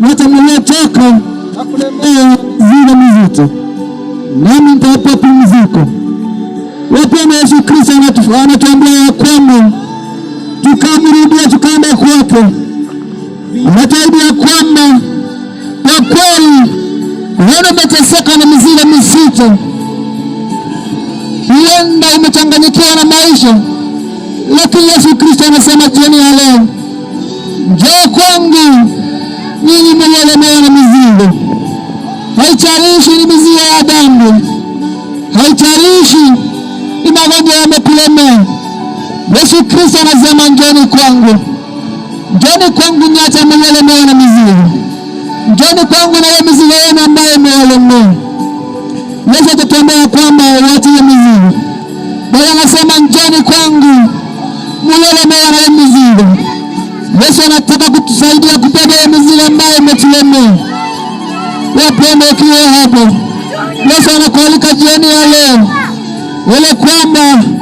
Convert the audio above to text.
mwachamulia chako zile mizito, nami nitawapa pumziko. wapana Yesu Kristo anatuambia ya kwamba tukamrudia, tukaenda kwake, anatuahidi ya kwamba kwa kweli wewe meteseka na mizigo mizito, huenda umechanganyikiwa na maisha, lakini Yesu Kristo anasema jioni ya leo haitarishi ni mizigo ya dhambi, haitarishi ni magonjwa yamekulemea. Yesu Kristo anasema njoni kwangu, njoni kwangu nyote mliolemewa na mizigo, njoni kwangu na ile mizigo yenu ambayo imewalemea. Yesu atatuambia kwamba watie mizigo. Bwana anasema njoni kwangu mliolemewa na ile mizigo. Yesu anataka kutusaidia mapema ukiwa hapo. Yesu anakualika jioni ya leo, ile kwamba